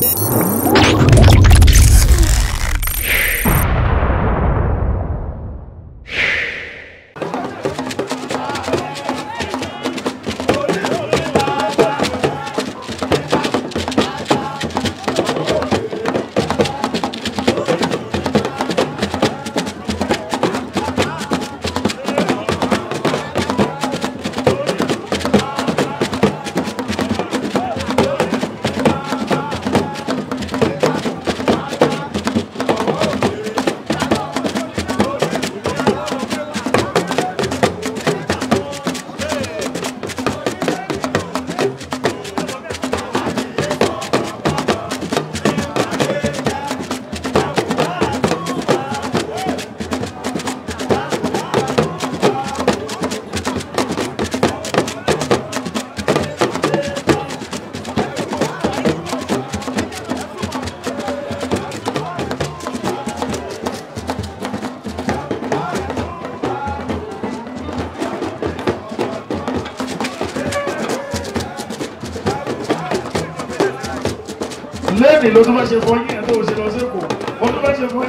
Thank you. lọ́dún bá ṣe fún yín ẹ̀ tó ṣe lọ sí èkó ọdún bá ṣe fún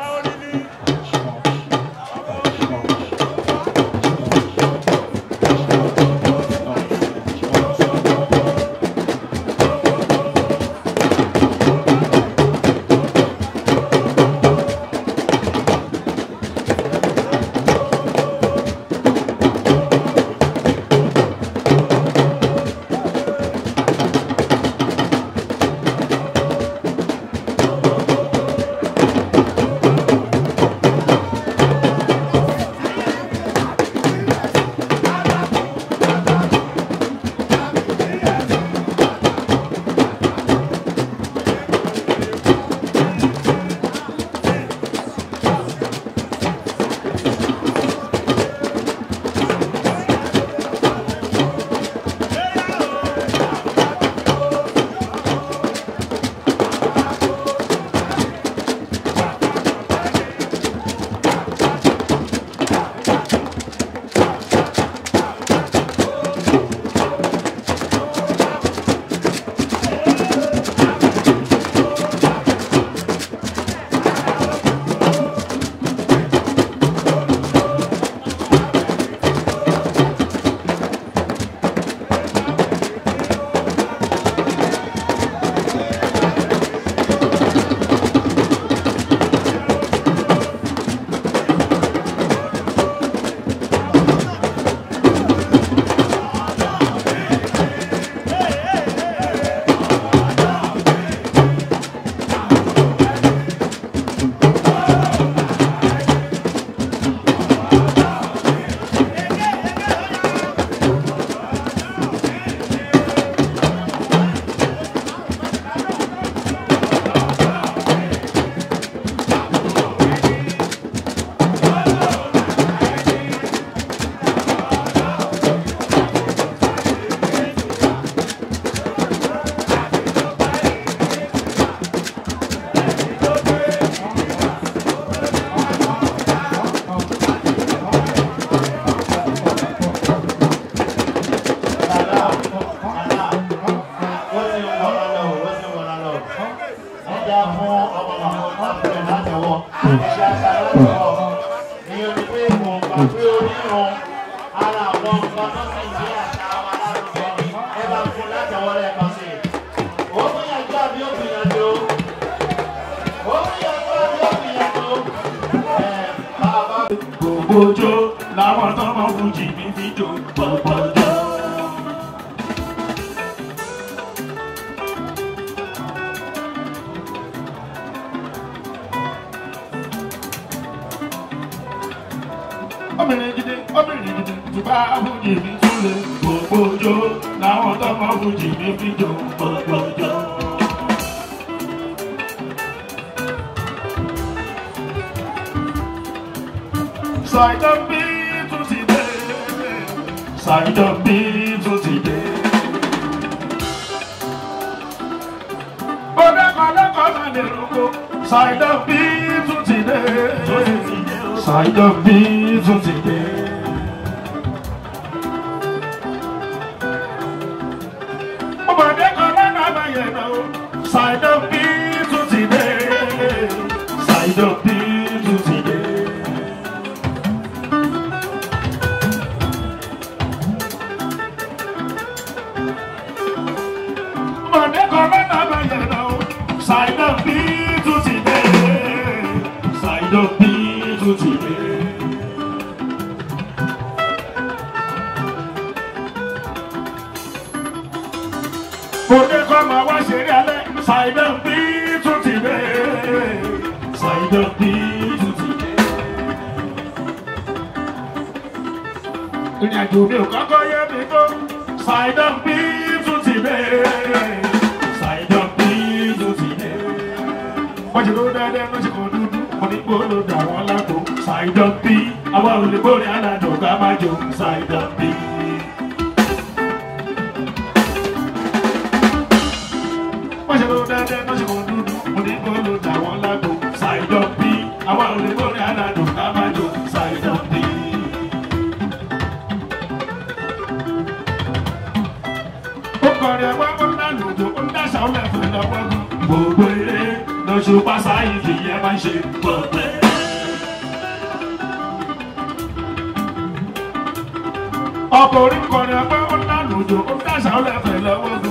gbogbo jó làwọn tó máa ń fún jìbìtì jó gbogbo. obìnrin gidi obìnrin gidi tùbá fújì mi túlẹ̀ gbogbojo làwọn tọmọ fújì mi fi jò gbogbojo. Saidan bí tún ti dé, Saidan bí tún ti dé. Bọ́dá kan lọ́kọ̀ọ́ máa lè roko, Saidan bí tún ti dé. sight of me, Saydam Bitu Tibe Saydam side of Ìrìn àjò mi ò kọ́kọ́ yé mi tó Saydam Bitu Tibe Saydam Bitu Tibe. Wọ́n ti ló dáadáa ló ti kàn dúdú side of gbòòrò dàwọn lágbo Saydam Bitu àwọn olùgbòrin aládùn ká má jò Saydam Bitu. ṣe kó dẹ́dẹ́ tó ṣe kó dúdú òdìgbò ló dà wọ́n lágbo ṣàìjọ bí àwa òdìgbò ní aládùn ká má jò ṣàìjọ bí. ó kọrin ẹwà ó ń dànù tó ó ń dàṣà ó lẹ́fọ̀ lọ́wọ́ gbogbo eré lọ́sùn pàṣẹ àyè fìyẹ́ máa ń ṣe gbogbo eré. ọkọ̀ orí kọrin ẹgbẹ́ ó ń